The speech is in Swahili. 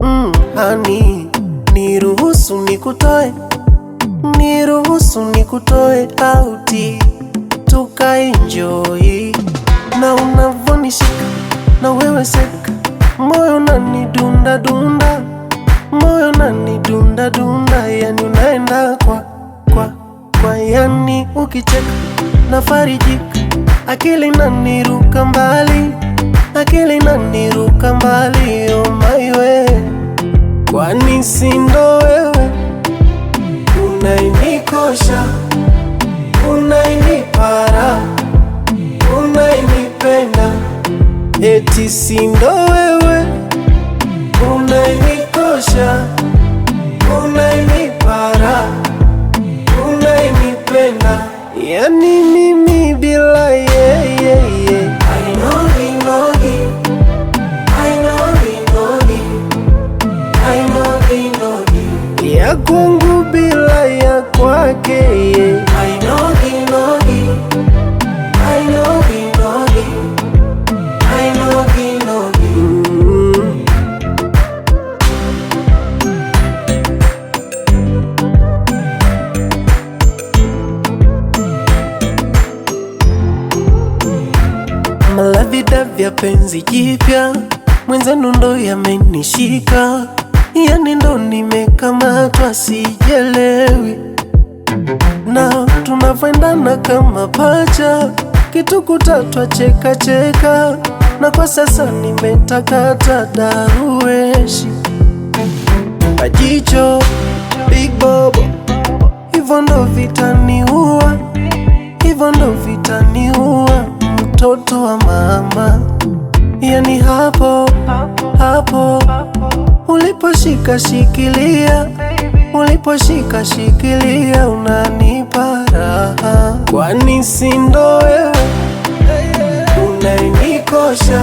mm, hani niruhusu nikutoe, niruhusu nikutoe auti tukaenjoy, na unavonishika na wewe seka, moyo nani dunda dunda, moyo nani dunda dunda, yani unaenda kwa kwa kwa, yani ukicheka na farijika, akili nani ruka mbali eti si ndo wewe unainikosha, unainipara, unainipenda, yani mimi bila yeyeye ya kwangu bila ya kwake Mala vya penzi jipya mwenzenu ndo yamenishika, yani ndo nimekamatwa, sijelewi na tunavyoendana kama pacha, kitu kutatwa cheka cheka, na kwa sasa nimetakata darueshi ajicho big bobo, hivyo ndo vitaniua, hivyo ndo vitaniua mtoto wa mama, yani hapo hapo uliposhika shikilia, uliposhika shikilia, unanipa raha, kwani si ndo wewe unanikosha